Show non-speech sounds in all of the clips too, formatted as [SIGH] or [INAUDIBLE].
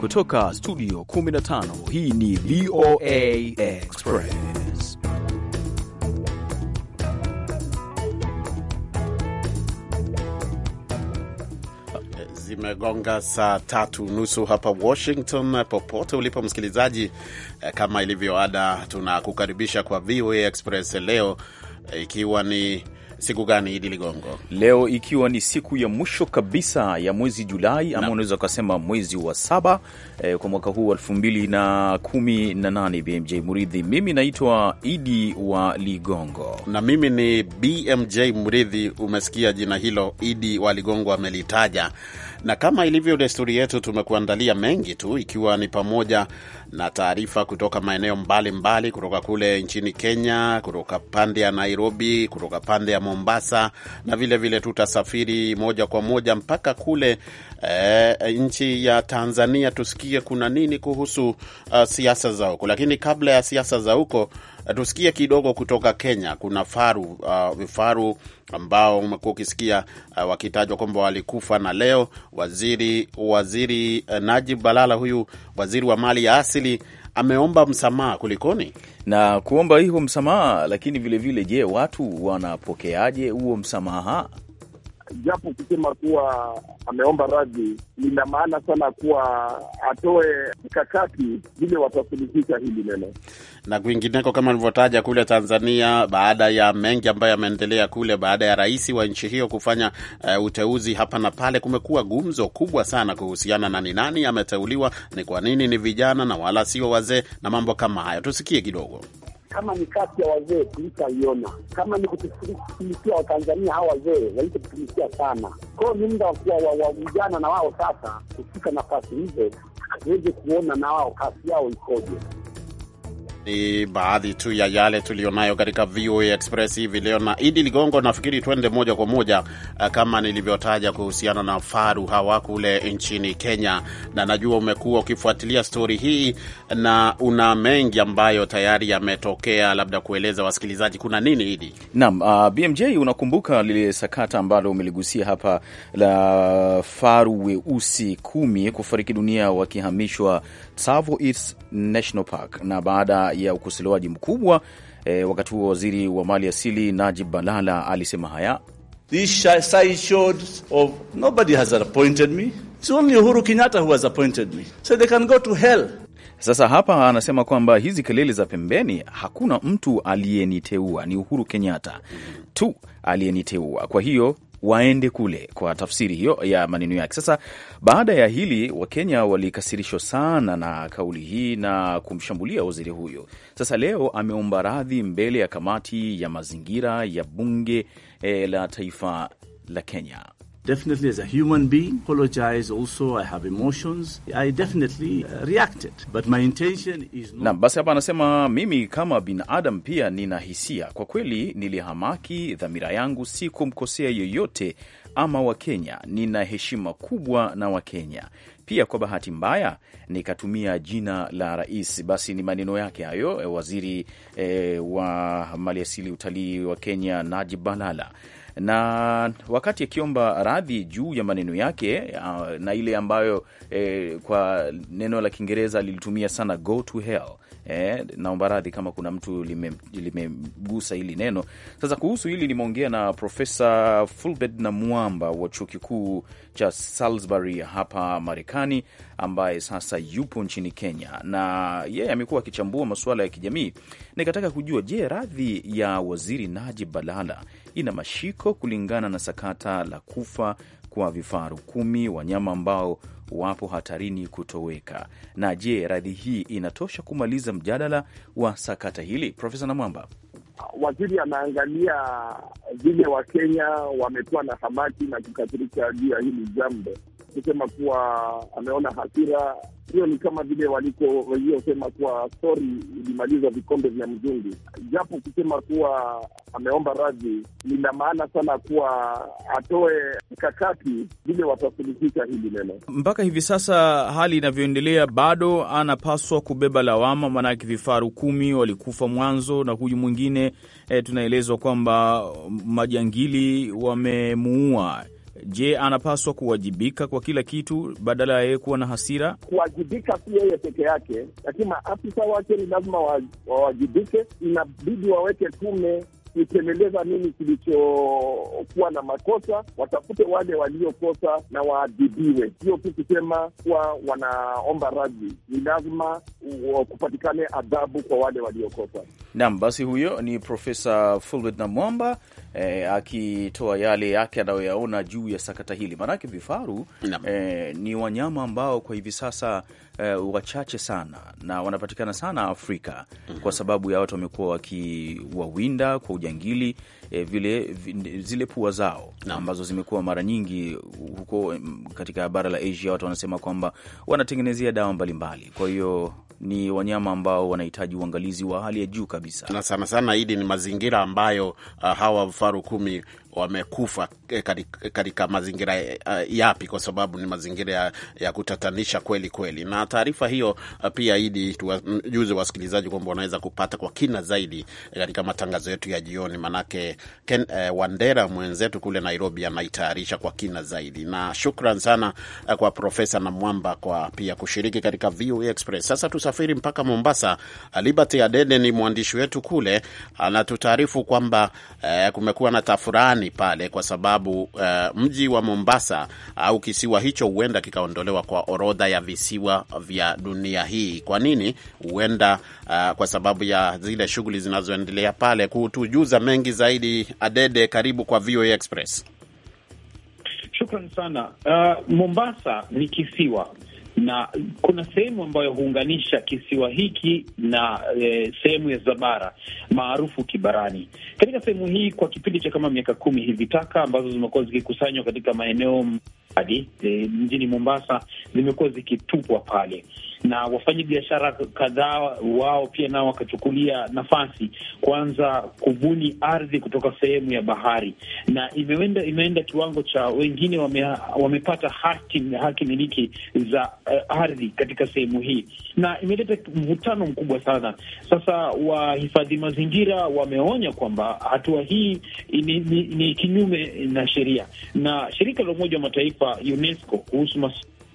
Kutoka studio 15 hii ni VOA Express. Zimegonga saa tatu nusu hapa Washington. Popote ulipo msikilizaji, eh, kama ilivyo ada, tunakukaribisha kwa VOA Express leo eh, ikiwa ni siku gani Idi Ligongo? Leo ikiwa ni siku ya mwisho kabisa ya mwezi Julai ama unaweza ukasema mwezi wa saba eh, kwa mwaka huu wa elfu mbili na kumi na nane BMJ Mridhi, mimi naitwa Idi wa Ligongo na mimi ni BMJ mridhi Umesikia jina hilo, Idi wa Ligongo amelitaja na kama ilivyo desturi yetu, tumekuandalia mengi tu, ikiwa ni pamoja na taarifa kutoka maeneo mbalimbali kutoka kule nchini Kenya, kutoka pande ya Nairobi, kutoka pande ya Mombasa, na vilevile tutasafiri moja kwa moja mpaka kule e, nchi ya Tanzania, tusikie kuna nini kuhusu uh, siasa za huko. Lakini kabla ya siasa za huko, eh, tusikie kidogo kutoka Kenya. Kuna faru uh, faru ambao umekuwa ukisikia uh, wakitajwa kwamba walikufa. Na leo waziri waziri uh, Najib Balala, huyu waziri wa mali ya asili ameomba msamaha. Kulikoni na kuomba hiyo msamaha, lakini vilevile, je, watu wanapokeaje huo msamaha? japo kusema kuwa ameomba radhi lina maana sana kuwa atoe mkakati vile watasuluhisha hili neno. Na kwingineko, kama alivyotaja kule Tanzania, baada ya mengi ambayo yameendelea kule, baada ya rais wa nchi hiyo kufanya uh, uteuzi hapa na pale, kumekuwa gumzo kubwa sana kuhusiana na ni nani ameteuliwa, ni kwa nini ni vijana na wala sio wazee na mambo kama hayo. Tusikie kidogo. Kama ni kati ya wazee iona kama ni kutumikia Watanzania hawa wazee walitutumikia sana kwao, ni muda wa vijana na wao sasa kufika nafasi hizo, tuweze kuona na wao kasi yao ikoje. Ni baadhi tu ya yale tuliyonayo katika VOA Express hivi leo, na Idi Ligongo, nafikiri tuende moja kwa moja eh, kama nilivyotaja kuhusiana na faru hawa kule nchini Kenya, na najua umekuwa ukifuatilia stori hii na una mengi ambayo tayari yametokea, labda kueleza wasikilizaji kuna nini Idi? nam uh, ah, BMJ, unakumbuka lile sakata ambalo umeligusia hapa la faru weusi kumi kufariki dunia wakihamishwa Tsavo East National Park, na baada ya ukosolewaji mkubwa e, wakati huo waziri wa mali asili Najib Balala alisema haya sasa hapa anasema kwamba hizi kelele za pembeni, hakuna mtu aliyeniteua, ni Uhuru Kenyatta tu aliyeniteua. Kwa hiyo waende kule, kwa tafsiri hiyo ya maneno yake. Sasa baada ya hili, Wakenya walikasirishwa sana na kauli hii na kumshambulia waziri huyo. Sasa leo ameomba radhi mbele ya kamati ya mazingira ya bunge eh, la taifa la Kenya. Definitely as a human being, apologize also I have emotions. I definitely uh, reacted. But my intention is not... Naam, basi hapa anasema mimi kama binadamu pia nina hisia. Kwa kweli nilihamaki, dhamira yangu si kumkosea yoyote ama Wakenya. Nina heshima kubwa na Wakenya pia kwa bahati mbaya nikatumia jina la rais. Basi ni maneno yake hayo, eh, waziri e, wa maliasili utalii wa Kenya Najib Balala na wakati akiomba radhi juu ya maneno yake na ile ambayo eh, kwa neno la Kiingereza lilitumia sana go to hell. Eh, naomba radhi kama kuna mtu limegusa lime hili neno. Sasa kuhusu hili nimeongea na Profesa Fulbert na Mwamba wa chuo kikuu cha Salisbury hapa Marekani, ambaye sasa yupo nchini Kenya na yeye yeah, amekuwa akichambua masuala ya kijamii. Nikataka kujua je, radhi ya waziri Najib Balala ina mashiko kulingana na sakata la kufa kwa vifaru kumi, wanyama ambao wapo hatarini kutoweka. Na je, radhi hii inatosha kumaliza mjadala wa sakata hili? Profesa Namwamba, waziri anaangalia vile Wakenya wamekuwa na hamaki na kukasirika juu ya hili jambo, kusema kuwa ameona hasira hiyo ni kama vile waliosema kuwa stori ilimaliza vikombe vya mzungu, japo kusema kuwa ameomba radhi lina maana sana kuwa atoe mkakati vile watasuluhisha hili neno. Mpaka hivi sasa hali inavyoendelea, bado anapaswa kubeba lawama, maanake vifaru kumi walikufa mwanzo na huyu mwingine eh, tunaelezwa kwamba majangili wamemuua. Je, anapaswa kuwajibika kwa kila kitu badala ya yeye kuwa na hasira? Kuwajibika si yeye peke yake, lakini maafisa wake ni lazima wawajibike. Inabidi waweke tume kupeleleza nini kilichokuwa na makosa, watafute wale waliokosa na waadhibiwe. Sio tu kusema kuwa wanaomba radhi, ni lazima kupatikane adhabu kwa wale waliokosa. Naam, basi huyo ni Profesa Fulbert Namwamba eh, akitoa yale yake anayoyaona juu ya sakata hili, maanake vifaru eh, ni wanyama ambao kwa hivi sasa eh, wachache sana na wanapatikana sana Afrika mm -hmm. kwa sababu ya watu wamekuwa wakiwawinda kwa ujangili eh, vile zile pua zao na ambazo zimekuwa mara nyingi huko mm, katika bara la Asia, watu wanasema kwamba wanatengenezea dawa mbalimbali, kwa hiyo ni wanyama ambao wanahitaji uangalizi wa hali ya juu kabisa, na sana sana hili ni mazingira ambayo uh, hawa vifaru kumi wamekufa eh, katika mazingira eh, yapi, kwa sababu ni mazingira ya ya kutatanisha kweli kweli. Na taarifa hiyo eh, pia ili tujuze wasikilizaji kwamba wanaweza kupata kwa kina zaidi katika matangazo yetu ya jioni, manake Ken, eh, Wandera mwenzetu kule Nairobi anaitayarisha kwa kina zaidi. Na shukran sana kwa Profesa Namwamba kwa pia kushiriki katika VOA e Express. Sasa tusafiri mpaka Mombasa. Liberty Adede ni mwandishi wetu kule, anatutaarifu kwamba eh, kumekuwa na tafurani fulani pale, kwa sababu uh, mji wa Mombasa au uh, kisiwa hicho huenda kikaondolewa kwa orodha ya visiwa vya dunia hii. Kwa nini? Huenda uh, kwa sababu ya zile shughuli zinazoendelea pale. Kutujuza mengi zaidi, Adede, karibu kwa VOA Express. Shukran sana. Uh, Mombasa ni kisiwa na kuna sehemu ambayo huunganisha kisiwa hiki na e, sehemu ya Zabara maarufu Kibarani. Katika sehemu hii kwa kipindi cha kama miaka kumi hivi, taka ambazo zimekuwa zikikusanywa katika maeneo hadi e, mjini Mombasa zimekuwa zikitupwa pale, na wafanyabiashara kadhaa wao pia nao wakachukulia nafasi kuanza kubuni ardhi kutoka sehemu ya bahari, na imeenda imeenda kiwango cha wengine wame, wamepata haki, haki miliki za uh, ardhi katika sehemu hii, na imeleta mvutano mkubwa sana. Sasa wahifadhi mazingira wameonya kwamba hatua hii ni, ni, ni kinyume na sheria na shirika la Umoja wa Mataifa taifa UNESCO kuhusu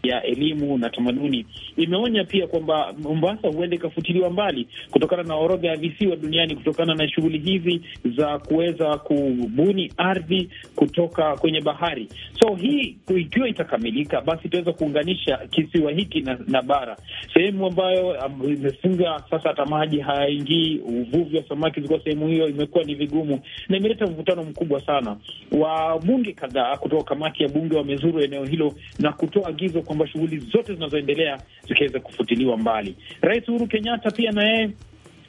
ya elimu na tamaduni imeonya pia kwamba Mombasa huenda ikafutiliwa mbali kutokana na orodha ya visiwa duniani kutokana na shughuli hizi za kuweza kubuni ardhi kutoka kwenye bahari. So hii ikiwa itakamilika, basi itaweza kuunganisha kisiwa hiki na, na bara, sehemu ambayo um, imefunga um, sasa hata maji hayaingii, uvuvi wa samaki zikuwa sehemu hiyo imekuwa ni vigumu, na imeleta mvutano mkubwa sana. Wabunge kadhaa kutoka kamati ya bunge wamezuru eneo hilo na kutoa agizo kwamba shughuli zote zinazoendelea zikiweza kufutiliwa mbali. Rais Uhuru Kenyatta pia na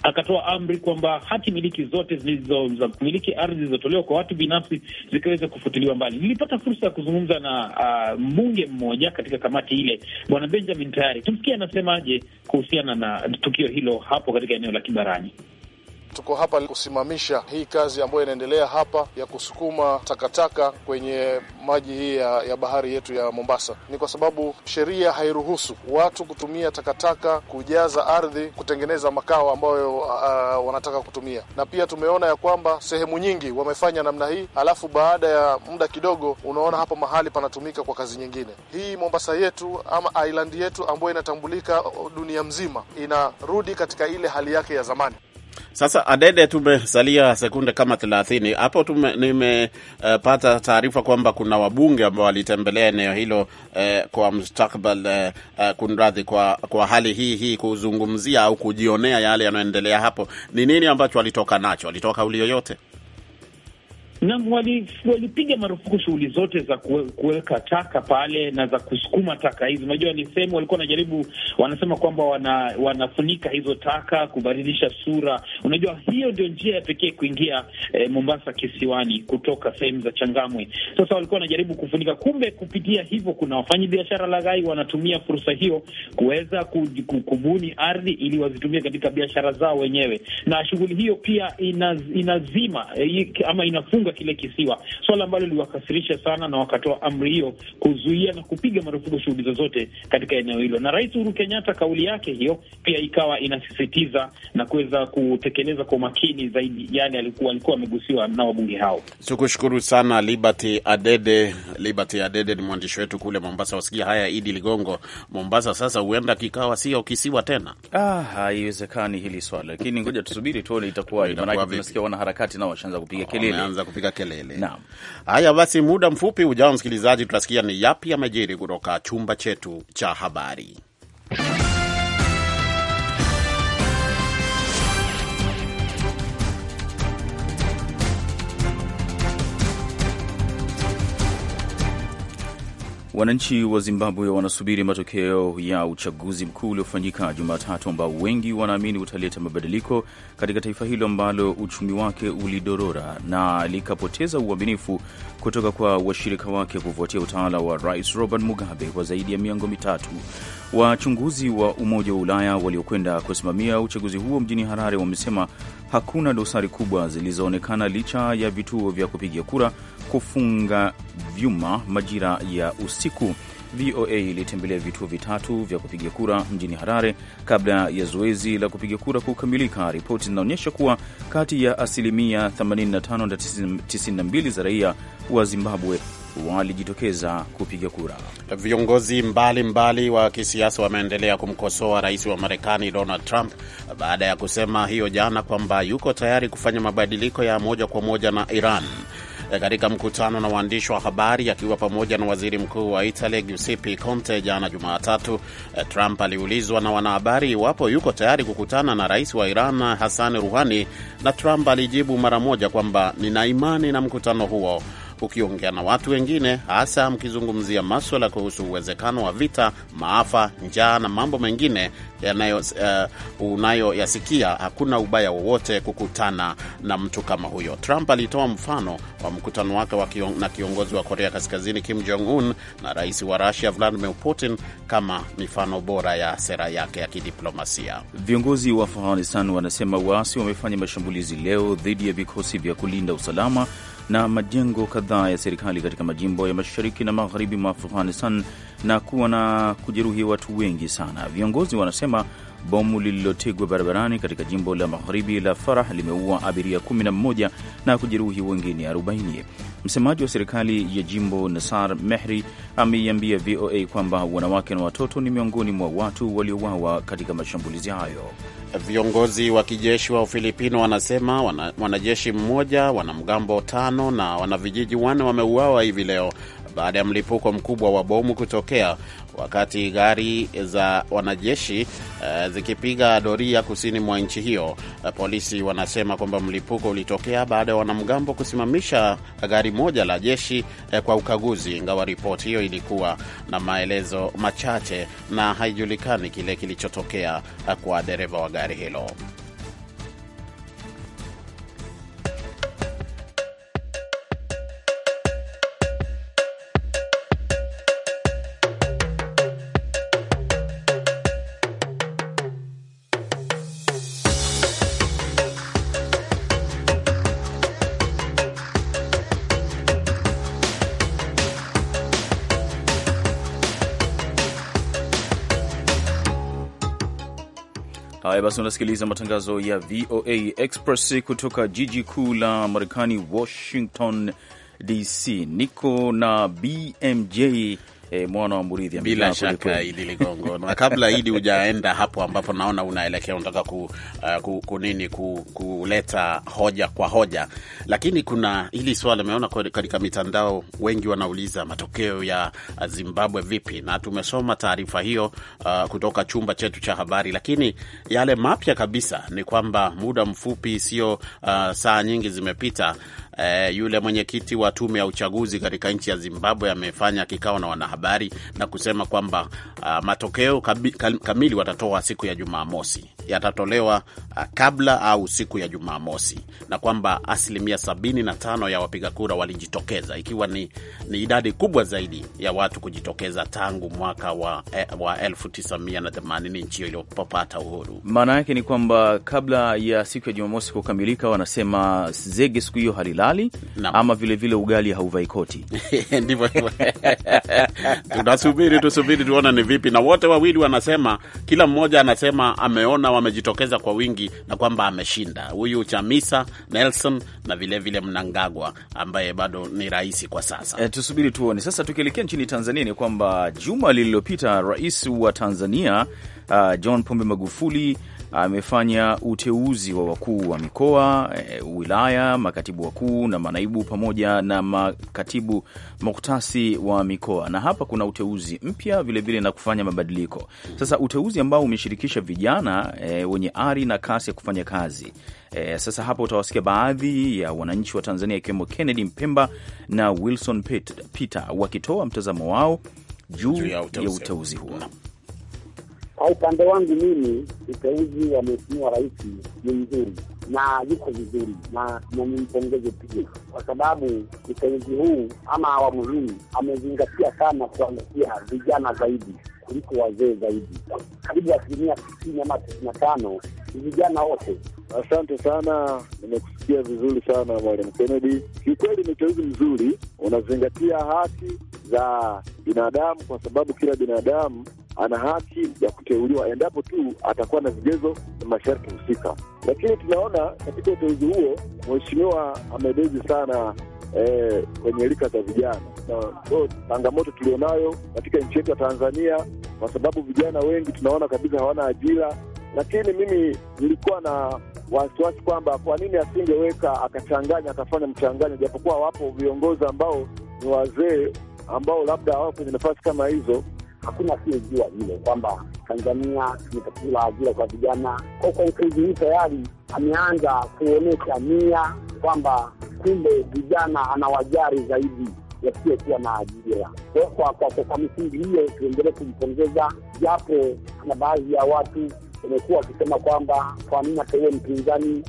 akatoa amri kwamba hati miliki zote zilizo za kumiliki ardhi zilizotolewa kwa watu binafsi zikaweza kufutiliwa mbali. Nilipata fursa ya kuzungumza na uh, mbunge mmoja katika kamati ile, bwana Benjamin Tayari. Tumsikie anasemaje kuhusiana na tukio hilo hapo katika eneo la Kibarani. Tuko hapa kusimamisha hii kazi ambayo inaendelea hapa ya kusukuma takataka kwenye maji hii ya, ya bahari yetu ya Mombasa. Ni kwa sababu sheria hairuhusu watu kutumia takataka kujaza ardhi kutengeneza makao ambayo uh, wanataka kutumia, na pia tumeona ya kwamba sehemu nyingi wamefanya namna hii, alafu baada ya muda kidogo unaona hapa mahali panatumika kwa kazi nyingine. Hii Mombasa yetu ama island yetu ambayo inatambulika dunia mzima inarudi katika ile hali yake ya zamani. Sasa Adede, tumesalia sekunde kama thelathini hapo. Nimepata uh, taarifa kwamba kuna wabunge ambao walitembelea eneo hilo uh, kwa mustakbal uh, kunradhi, kwa, kwa hali hii hii kuzungumzia au kujionea yale yanayoendelea hapo. Ni nini ambacho walitoka nacho? Walitoka kauli yoyote? Naam, walipiga marufuku shughuli zote za kuweka taka pale na za kusukuma taka hizi. Unajua, walisema walikuwa wanajaribu, wanasema kwamba wana, wanafunika hizo taka kubadilisha sura. Unajua, hiyo ndio njia ya pekee kuingia eh, Mombasa kisiwani kutoka sehemu za Changamwe. Sasa walikuwa wanajaribu kufunika, kumbe kupitia hivyo kuna wafanyi biashara laghai wanatumia fursa hiyo kuweza kubuni ardhi ili wazitumie katika biashara zao wenyewe, na shughuli hiyo pia inazima eh, ama inafunga kuongoza kile kisiwa, swala ambalo liliwakasirisha sana, na wakatoa amri hiyo kuzuia na kupiga marufuku shughuli zozote katika eneo hilo. Na Rais Uhuru Kenyatta, kauli yake hiyo pia ikawa inasisitiza na kuweza kutekeleza kwa umakini zaidi yale yani alikuwa alikuwa amegusiwa na wabunge hao. Tukushukuru sana Liberty Adede. Liberty Adede ni mwandishi wetu kule Mombasa. Wasikia haya, Idi Ligongo, Mombasa sasa huenda kikawa sio kisiwa tena. Ah, haiwezekani hili swala, lakini ngoja tusubiri tuone itakuwa, maanake tunasikia wanaharakati nao washaanza kupiga oh, kelele kupiga kelele. Haya basi, muda mfupi ujao, msikilizaji, tutasikia ni yapi yamejiri kutoka chumba chetu cha habari. Wananchi wa Zimbabwe wanasubiri matokeo ya uchaguzi mkuu uliofanyika Jumatatu, ambao wengi wanaamini utaleta mabadiliko katika taifa hilo ambalo uchumi wake ulidorora na likapoteza uaminifu kutoka kwa washirika wake kufuatia utawala wa Rais Robert Mugabe kwa zaidi ya miongo mitatu. Wachunguzi wa Umoja wa Ulaya waliokwenda kusimamia uchaguzi huo mjini Harare wamesema hakuna dosari kubwa zilizoonekana licha ya vituo vya kupiga kura kufunga vyuma majira ya usiku. VOA ilitembelea vituo vitatu vya kupiga kura mjini Harare kabla ya zoezi la kupiga kura kukamilika. Ripoti zinaonyesha kuwa kati ya asilimia 85 na 92 za raia wa Zimbabwe walijitokeza kupiga kura. Viongozi mbalimbali wa kisiasa wameendelea kumkosoa rais wa Marekani Donald Trump baada ya kusema hiyo jana kwamba yuko tayari kufanya mabadiliko ya moja kwa moja na Iran. E, katika mkutano na waandishi wa habari akiwa pamoja na waziri mkuu wa Italia Giuseppe Conte jana Jumatatu, e, Trump aliulizwa na wanahabari iwapo yuko tayari kukutana na rais wa Iran Hassan Ruhani, na Trump alijibu mara moja kwamba nina imani na mkutano huo ukiongea na watu wengine, hasa mkizungumzia maswala kuhusu uwezekano wa vita, maafa, njaa na mambo mengine yanayo uh, unayoyasikia. Hakuna ubaya wowote kukutana na mtu kama huyo. Trump alitoa mfano wa mkutano wake wa kion, na kiongozi wa Korea Kaskazini Kim Jong Un na rais wa Rusia Vladimir Putin kama mifano bora ya sera yake ya kidiplomasia. Viongozi wa Afghanistan wanasema waasi wamefanya mashambulizi leo dhidi ya vikosi vya kulinda usalama na majengo kadhaa ya serikali katika majimbo ya mashariki na magharibi mwa Afghanistan na kuwa na kujeruhi watu wengi sana. Viongozi wanasema Bomu lililotegwa barabarani katika jimbo la magharibi la Farah limeua abiria 11 na kujeruhi wengine 40. Msemaji wa serikali ya jimbo nasar Mehri ameiambia VOA kwamba wanawake na watoto ni miongoni mwa watu waliowawa katika mashambulizi hayo. Viongozi wa kijeshi wa Ufilipino wanasema wana, wanajeshi mmoja, wanamgambo tano na wanavijiji wanne wameuawa hivi leo baada ya mlipuko mkubwa wa bomu kutokea wakati gari za wanajeshi uh, zikipiga doria kusini mwa nchi hiyo. Uh, polisi wanasema kwamba mlipuko ulitokea baada ya wanamgambo kusimamisha gari moja la jeshi uh, kwa ukaguzi, ingawa ripoti hiyo ilikuwa na maelezo machache na haijulikani kile kilichotokea uh, kwa dereva wa gari hilo. Haya basi, unasikiliza matangazo ya VOA Express kutoka jiji kuu la Marekani, Washington DC. Niko na BMJ e, mwana wa Mburidhi. Bila shaka Idi Ligongo, na kabla Idi hujaenda hapo ambapo naona unaelekea unataka ku, uh, ku, nini ku, kuleta hoja kwa hoja, lakini kuna hili swala nimeona katika mitandao, wengi wanauliza matokeo ya Zimbabwe vipi, na tumesoma taarifa hiyo uh, kutoka chumba chetu cha habari, lakini yale mapya kabisa ni kwamba muda mfupi sio uh, saa nyingi zimepita, uh, yule mwenyekiti wa tume ya uchaguzi katika nchi ya Zimbabwe amefanya kikao na wanahabari habari na kusema kwamba uh, matokeo kamili watatoa siku ya Jumamosi, yatatolewa uh, kabla au siku ya Jumamosi, na kwamba asilimia 75 ya wapiga kura walijitokeza, ikiwa ni, ni idadi kubwa zaidi ya watu kujitokeza tangu mwaka wa, eh, wa 1980 nchi hiyo iliyopata uhuru. Maana yake ni kwamba kabla ya siku ya Jumamosi kukamilika, wanasema zege siku hiyo halilali, ama vilevile vile ugali hauvai koti [LAUGHS] ndivyo [LAUGHS] tunasubiri tusubiri tuona ni vipi, na wote wawili wanasema, kila mmoja anasema ameona wamejitokeza kwa wingi na kwamba ameshinda huyu Chamisa Nelson na vilevile Mnangagwa ambaye bado ni rais kwa sasa. E, tusubiri tuone. Sasa tukielekea nchini Tanzania, ni kwamba juma lililopita rais wa Tanzania uh, John Pombe Magufuli amefanya uteuzi wa wakuu wa mikoa, e, wilaya, makatibu wakuu na manaibu pamoja na makatibu muktasi wa mikoa na hapa hapa kuna uteuzi mpya vilevile na kufanya mabadiliko. Sasa uteuzi ambao umeshirikisha vijana e, wenye ari na kasi ya kufanya kazi e, sasa hapa utawasikia baadhi ya wananchi wa Tanzania ikiwemo Kennedy Mpemba na Wilson Peter wakitoa mtazamo wao juu ya uteuzi huo. Kwa upande wangu mimi, uteuzi wa Mheshimiwa Rais ni mzuri na yuko vizuri, na nimpongeze pia, kwa sababu uteuzi huu ama awamu hii amezingatia sana kuangalia vijana zaidi kuliko wazee zaidi. Karibu asilimia tisini ama tisini na tano ni vijana wote. Asante sana, nimekusikia vizuri sana Mwalimu Kennedy. Kiukweli ni uteuzi mzuri, unazingatia haki za binadamu, kwa sababu kila binadamu ana haki ya kuteuliwa endapo tu atakuwa na vigezo na masharti husika. Lakini tunaona katika uteuzi huo mheshimiwa amebezi sana eh, kwenye rika za vijana so, changamoto tulionayo katika nchi yetu ya Tanzania, kwa sababu vijana wengi tunaona kabisa hawana ajira. Lakini mimi nilikuwa na wasiwasi kwamba kwa nini asingeweka akachanganya akafanya mchanganyo, japokuwa wapo viongozi ambao ni wazee ambao labda hawako kwenye nafasi kama hizo hakuna asiyejua ile kwamba Tanzania tumetatula ajira kwa vijana. Kwa concrete hii tayari ameanza kuonyesha nia kwamba kumbe vijana anawajari zaidi yasiyokuwa na ajira. Kwa kwa misingi hiyo, tuendelee kumpongeza, japo na baadhi ya watu wamekuwa wakisema kwamba kwa nini ateue mpinzani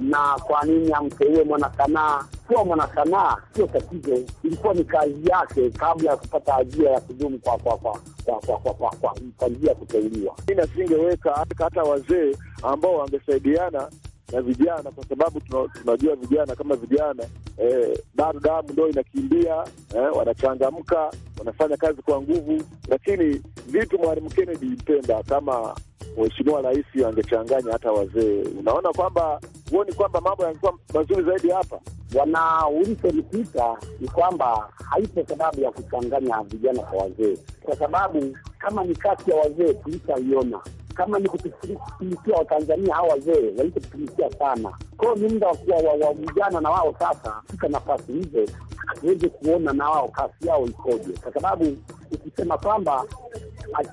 na kwa nini amteue mwanasanaa kuwa mwanasanaa sio tatizo, ilikuwa ni kazi yake kabla ya kupata ajira ya kudumu kwa kwa kwa kwa njia ya kuteuliwa. Mi nasingeweka hata wazee ambao wangesaidiana na vijana, kwa sababu tunajua vijana kama vijana eh, bado damu ndo inakimbia eh, wanachangamka, wanafanya kazi kwa nguvu, lakini vitu Mwalimu Kennedy mpenda kama mheshimiwa rais angechanganya hata wazee, unaona kwamba huoni kwamba mambo yalikuwa mazuri zaidi hapa? Bwana Wilson ni kwamba haipo sababu ya kuchanganya vijana kwa wazee, kwa sababu kama ni kati ya wazee tulishaiona kama ni kutumikia Watanzania hawa wazee walitutumikia sana kwao, ni muda wa vijana na wao sasa kufika nafasi hizo, tuweze kuona na wao kasi yao ikoje, kwa sababu ukisema kwamba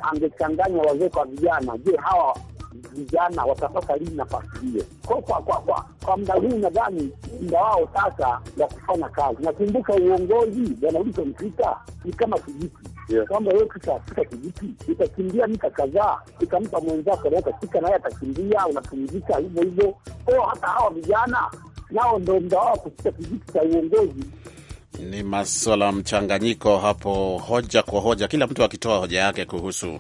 angechanganywa wazee kwa vijana, je, hawa vijana watapata lini nafasi hiyo? Kwa kwa kwa kwa kwa muda huu nadhani muda wao sasa wa kufanya kazi. Nakumbuka uongozi bwana Wilson Kita ni kama kijiti kwamba wewe kitafika kijiti, utakimbia mita kadhaa, ikampa mwenzako naye atafika, naye atakimbia, unapumzika hivyo hivyo. ko hata hawa vijana nao ndo muda wao kufika kijiti cha uongozi. Ni maswala mchanganyiko hapo, hoja kwa hoja, kila mtu akitoa hoja yake kuhusu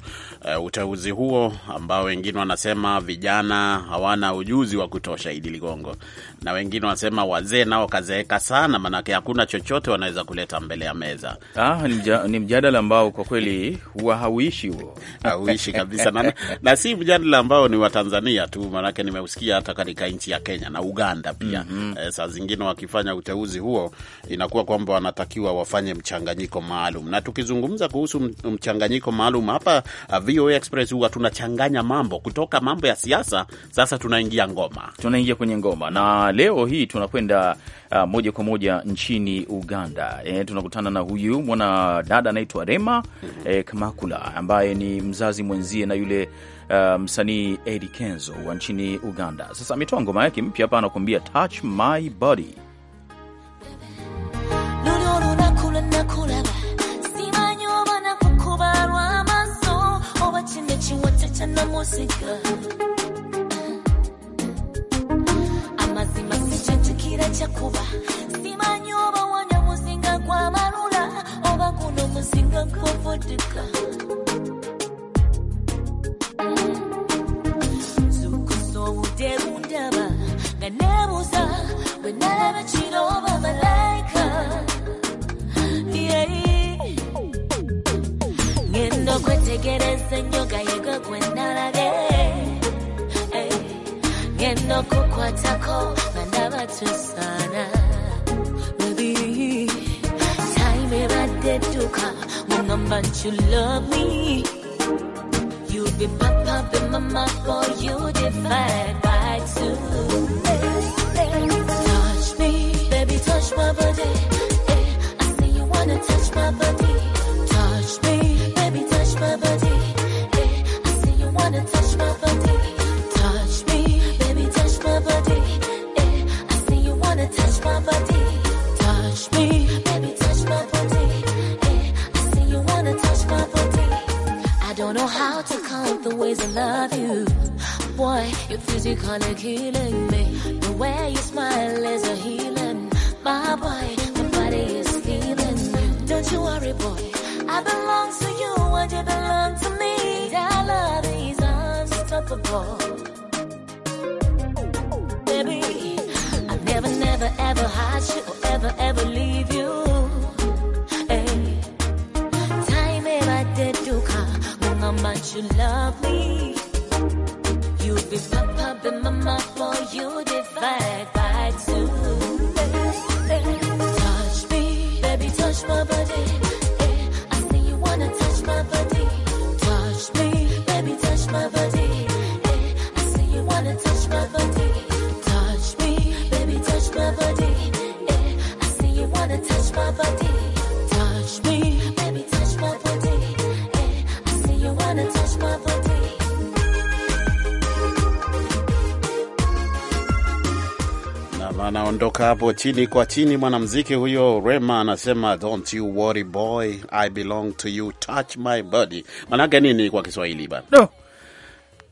uh, uteuzi huo ambao wengine wanasema vijana hawana ujuzi wa kutosha, Idi Ligongo, na wengine wanasema wazee nao kazeeka sana, maanake hakuna chochote wanaweza kuleta mbele ya meza. Ah, ni mjadala ambao kwa kweli huwa hauishi huo, [LAUGHS] hauishi kabisa na, na si mjadala ambao ni wa Tanzania tu, maanake nimeusikia hata katika nchi ya Kenya na Uganda pia. mm -hmm. Eh, saa zingine wakifanya uteuzi huo inakuwa kwamba kwamba wanatakiwa wafanye mchanganyiko maalum. Na tukizungumza kuhusu mchanganyiko maalum hapa uh, VOA Express huwa tunachanganya mambo kutoka mambo ya siasa, sasa tunaingia ngoma, tunaingia kwenye ngoma, na leo hii tunakwenda uh, moja kwa moja nchini Uganda. E, tunakutana na huyu mwanadada anaitwa Rema mm -hmm. e, Kamakula ambaye ni mzazi mwenzie na yule Uh, msanii Eddie Kenzo wa nchini Uganda. Sasa ametoa ngoma yake mpya hapa, anakuambia touch my body. música amazima sijanjukira kyakuba simanyi oba wanya muzinga gwa malula oba guno muzinga gwa vodika zukusa obudde bundaba nga neebuuza bwe nalaba ekiro oba malayika Yeah, ngenda okwetegereza ennyo gaye You'll love me you be papa be mama boy you divide by two ways I love you. Boy, your physically killing me. The way you smile is a healing. My boy, my body is feeling. Don't you worry, boy. I belong to you and you belong to me. Our love is unstoppable. Baby, i will never, never, ever hide you or ever, ever leave you. Hey, time ever did do come. How much you love me be my pop in my mouth for you. anaondoka hapo chini kwa chini. mwanamziki huyo Rema anasema don't you worry boy, I belong to you, touch my body. Manake nini kwa Kiswahili bana? No.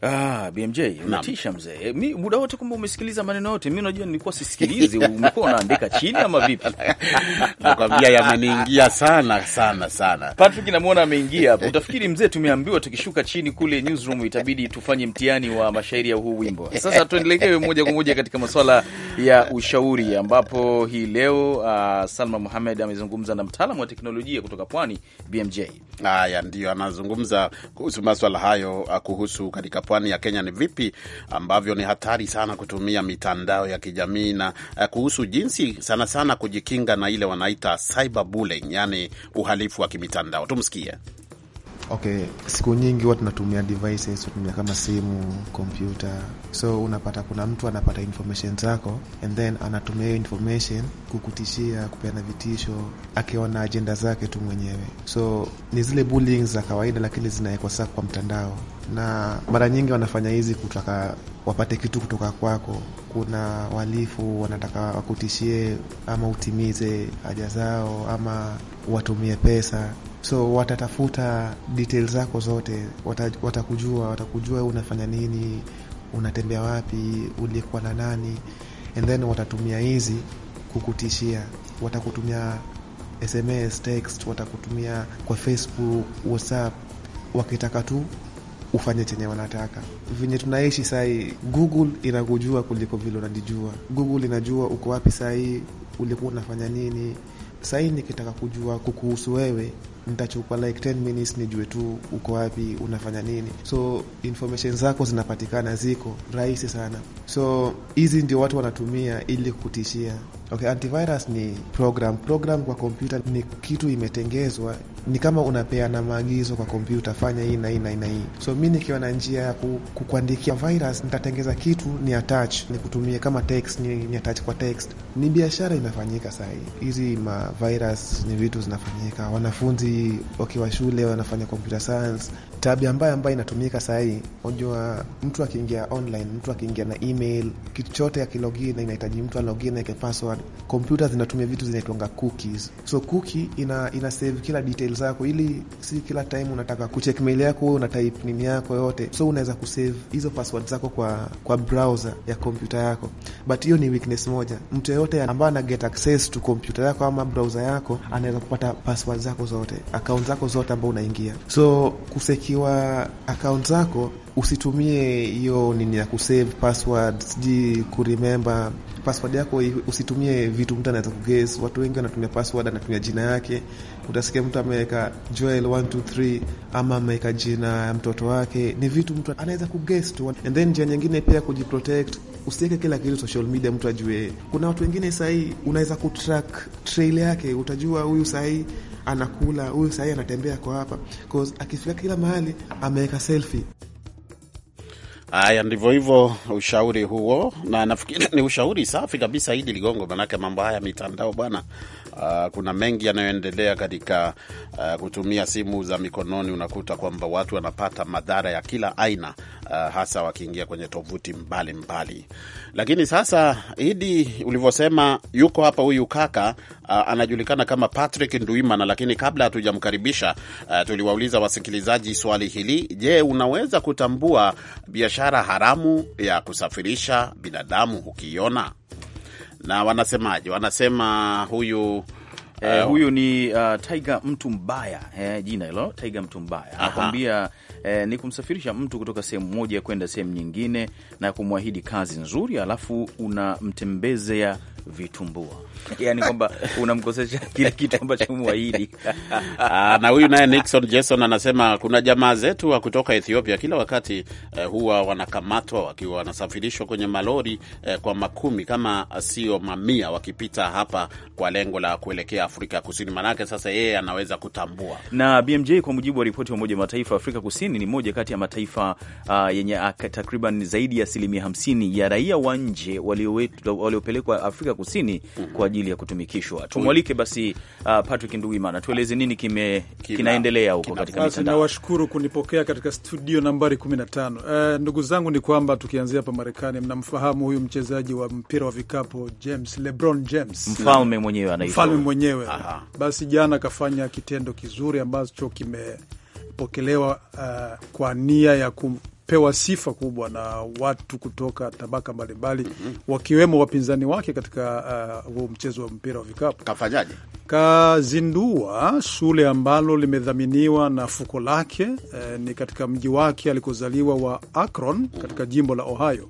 Ah, BMJ unatisha mzee. Eh, mi muda wote kumbe umesikiliza maneno yote. Mi najua nilikuwa sisikilizi. [LAUGHS] Umekuwa unaandika chini ama vipi? [LAUGHS] Nakwambia yameniingia sana sana sana. Patrick namwona ameingia hapo. Utafikiri mzee, tumeambiwa tukishuka chini kule newsroom itabidi tufanye mtihani wa mashairi ya huu wimbo. Sasa tuendelekewe moja kwa moja katika masuala ya ushauri ambapo hii leo uh, Salma Mohamed amezungumza na mtaalamu wa teknolojia kutoka Pwani BMJ. Haya, ndio anazungumza kuhusu masuala hayo ah, kuhusu katika pwani ya Kenya ni vipi ambavyo ni hatari sana kutumia mitandao ya kijamii na eh, kuhusu jinsi sana sana kujikinga na ile wanaita cyberbullying, yani uhalifu wa kimitandao. Tumsikie. Okay, siku nyingi huwa tunatumia devices, tunatumia kama simu, kompyuta, so unapata kuna mtu anapata information zako and then anatumia hiyo information kukutishia, kupeana vitisho, akiwa na ajenda zake tu mwenyewe. So ni zile bullying za kawaida, lakini zinawekwa sasa kwa mtandao, na mara nyingi wanafanya hizi kutaka wapate kitu kutoka kwako. Kuna walifu wanataka wakutishie, ama utimize haja zao, ama watumie pesa so watatafuta details zako zote, watakujua watakujua unafanya nini, unatembea wapi, ulikuwa na nani, and then watatumia hizi kukutishia, watakutumia SMS, text, watakutumia kwa Facebook, WhatsApp wakitaka tu ufanye chenye wanataka. Venye tunaishi sahii, Google inakujua kuliko vile unajijua. Google inajua uko wapi sahii, ulikuwa unafanya nini sahii. Nikitaka kujua kukuhusu wewe, nitachukua like 10 minutes nijue tu uko wapi, unafanya nini. So information zako zinapatikana, ziko rahisi sana. So hizi ndio watu wanatumia ili kutishia. Okay, antivirus ni program. Program kwa kompyuta ni kitu imetengezwa ni kama unapeana maagizo kwa kompyuta, fanya hii na hii na hii na hii. So mi nikiwa na njia ya kukuandikia virus, nitatengeza kitu ni attach, kutumia kama text, ni, ni attach kwa text. Ni biashara inafanyika sahii, hizi ma virus ni vitu zinafanyika. Wanafunzi wakiwa shule wanafanya computer science. Tabia mbaya ambayo inatumika sahii, unajua mtu akiingia online, mtu akiingia na email, kitu chote akilogin, inahitaji mtu alogin ake password. Kompyuta zinatumia vitu zinaitwanga cookies. So cookie ina, ina save kila details zako, ili si kila time unataka kucheck mail yako, una type nini yako yote, so unaweza kusave hizo password zako kwa kwa browser ya kompyuta yako. But hiyo ni weakness moja. Mtu yeyote ambaye ana get access to kompyuta yako ama browser yako anaweza kupata password zako zote, account zako zote ambao unaingia. So kusekiwa account zako usitumie hiyo nini ya kusave password, sijui kuremember password yako. Usitumie vitu mtu anaweza kuguess. Watu wengi wanatumia password, anatumia jina yake Utasikia mtu ameweka Joel 123 ama ameweka jina ya mtoto wake. Ni vitu mtu anaweza kuguess and then njia nyingine pia kujiprotect Usiweke kila kitu social media, mtu ajue. Kuna watu wengine sahii unaweza kutrack trail yake, utajua huyu sahii anakula, huyu sahii anatembea kwa hapa, cause akifika kila mahali ameweka selfie. Haya, ndivyo hivyo ushauri huo, na nafikiri ni ushauri safi kabisa, Idi Ligongo, manake mambo haya mitandao bwana uh, kuna mengi yanayoendelea katika uh, kutumia simu za mikononi. Unakuta kwamba watu wanapata madhara ya kila aina uh, hasa wakiingia kwenye tovuti mbalimbali mbali. Lakini sasa Idi, ulivyosema, yuko hapa huyu kaka uh, anajulikana kama Patrick Nduimana, lakini kabla hatujamkaribisha uh, tuliwauliza wasikilizaji swali hili: je, unaweza kutambua biashara haramu ya kusafirisha binadamu ukiiona? na wanasemaje? Wanasema huyu Eh, eh huyu ni uh, Tiger mtu mbaya eh, jina hilo Tiger mtu mbaya anakwambia eh, ni kumsafirisha mtu kutoka sehemu moja kwenda sehemu nyingine na kumwahidi kazi nzuri, alafu unamtembezea vitumbua, [LAUGHS] yani kwamba unamkosesha kile kitu ambacho mwahidi. [LAUGHS] Ah, na huyu naye Nixon Jason anasema kuna jamaa zetu wa kutoka Ethiopia kila wakati eh, huwa wanakamatwa wakiwa wanasafirishwa kwenye malori eh, kwa makumi kama sio mamia, wakipita hapa kwa lengo la kuelekea Afrika Kusini. Manake sasa yeye anaweza kutambua. Na BMJ, kwa mujibu wa ripoti ya Umoja wa Mataifa, Afrika Kusini ni moja kati ya mataifa uh, yenye takriban zaidi ya asilimia 50 ya raia wa nje waliopelekwa Afrika Afrika Kusini mm -hmm. kwa ajili ya kutumikishwa. Tumwalike basi uh, Patrick Nduwimana, tueleze nini kime, kinaendelea huko katika mitandao. Nawashukuru kunipokea katika studio nambari 15. Uh, eh, ndugu zangu, ni kwamba tukianzia hapa Marekani, mnamfahamu huyu mchezaji wa mpira wa vikapo James, LeBron James, mfalme mwenyewe anaitwa mfalme mwenyewe. Aha. Basi jana akafanya kitendo kizuri ambacho kimepokelewa uh, kwa nia ya kum amepewa sifa kubwa na watu kutoka tabaka mbalimbali mm -hmm. wakiwemo wapinzani wake katika uh, huu uh, mchezo wa mpira wa vikapu. Kafanyaje? Kazindua shule ambalo limedhaminiwa na fuko lake eh, ni katika mji wake alikozaliwa wa Akron katika jimbo la Ohio,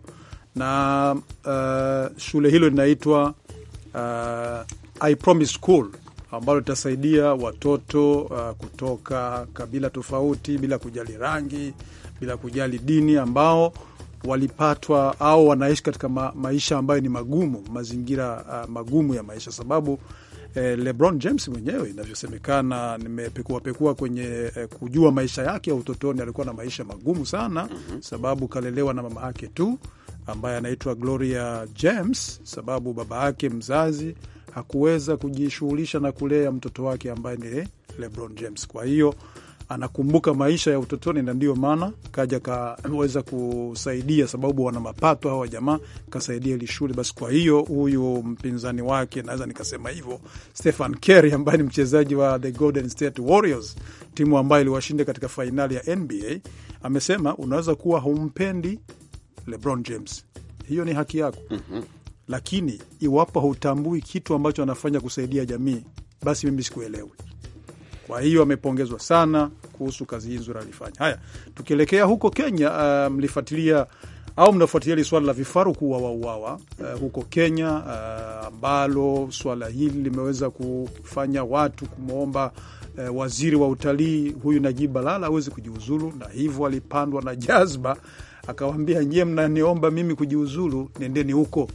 na uh, shule hilo linaitwa uh, I Promise School ambalo litasaidia watoto uh, kutoka kabila tofauti bila kujali rangi, bila kujali dini, ambao walipatwa au wanaishi katika ma maisha ambayo ni magumu, mazingira uh, magumu ya maisha, sababu lebro eh, LeBron James mwenyewe inavyosemekana, nimepekuapekua kwenye eh, kujua maisha yake ya utotoni, alikuwa na maisha magumu sana mhm. sababu kalelewa na mama yake tu ambaye anaitwa Gloria James, sababu baba yake mzazi hakuweza kujishughulisha na kulea mtoto wake ambaye ni LeBron James. Kwa hiyo anakumbuka maisha ya utotoni, na ndio maana kaja kaweza kusaidia, sababu wana mapato hawa jamaa, kasaidia ili shule basi. Kwa hiyo huyu mpinzani wake, naweza nikasema hivyo, Stephen Curry ambaye ni mchezaji wa the Golden State Warriors, timu ambayo iliwashinda katika fainali ya NBA, amesema unaweza kuwa humpendi LeBron James, hiyo ni haki yako. mm -hmm lakini iwapo hautambui kitu ambacho anafanya kusaidia jamii, basi mimi sikuelewi. Kwa hiyo amepongezwa sana kuhusu kazi hii nzuri alifanya. Haya, tukielekea huko Kenya, uh, mlifuatilia um, au mnafuatilia hili swala la vifaru kuwa wauawa uh, huko Kenya uh, ambalo uh, swala hili limeweza kufanya watu kumwomba uh, waziri wa utalii huyu Najib Balala awezi kujiuzulu, na hivyo alipandwa na jazba, akawambia nyie mnaniomba mimi kujiuzulu, nendeni huko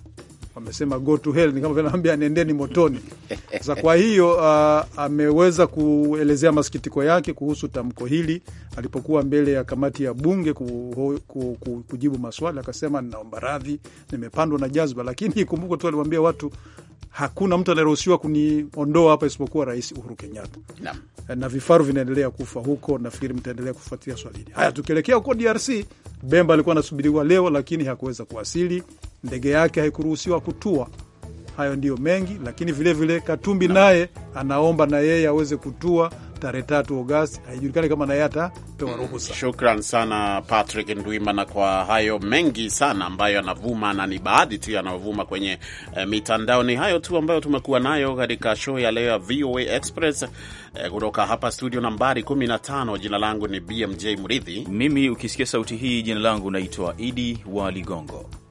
wamesema go to hell, ni kama naambia nendeni motoni. Sasa kwa hiyo uh, ameweza kuelezea masikitiko yake kuhusu tamko hili alipokuwa mbele ya kamati ya bunge ku, ku, ku, kujibu maswali, akasema ninaomba radhi, nimepandwa na jazba, lakini [LAUGHS] kumbuka tu aliwaambia watu hakuna mtu anayeruhusiwa kuniondoa hapa isipokuwa Rais Uhuru Kenyatta na, na vifaru vinaendelea kufa huko. Nafikiri mtaendelea kufuatilia swali hili. Haya, tukielekea huko DRC, Bemba alikuwa anasubiriwa leo, lakini hakuweza kuwasili, ndege yake haikuruhusiwa kutua. Hayo ndiyo mengi, lakini vilevile vile Katumbi naye anaomba na yeye aweze kutua tarehe tatu Agosti, haijulikani kama naye atapewa ruhusa. Shukran sana Patrick Ndwimana kwa hayo mengi sana ambayo anavuma na ni baadhi tu yanayovuma kwenye eh, mitandao. Ni hayo tu ambayo tumekuwa nayo katika show ya leo ya VOA Express eh, kutoka hapa studio nambari 15. Jina langu ni BMJ Mridhi, mimi ukisikia sauti hii, jina langu naitwa Idi wa Ligongo.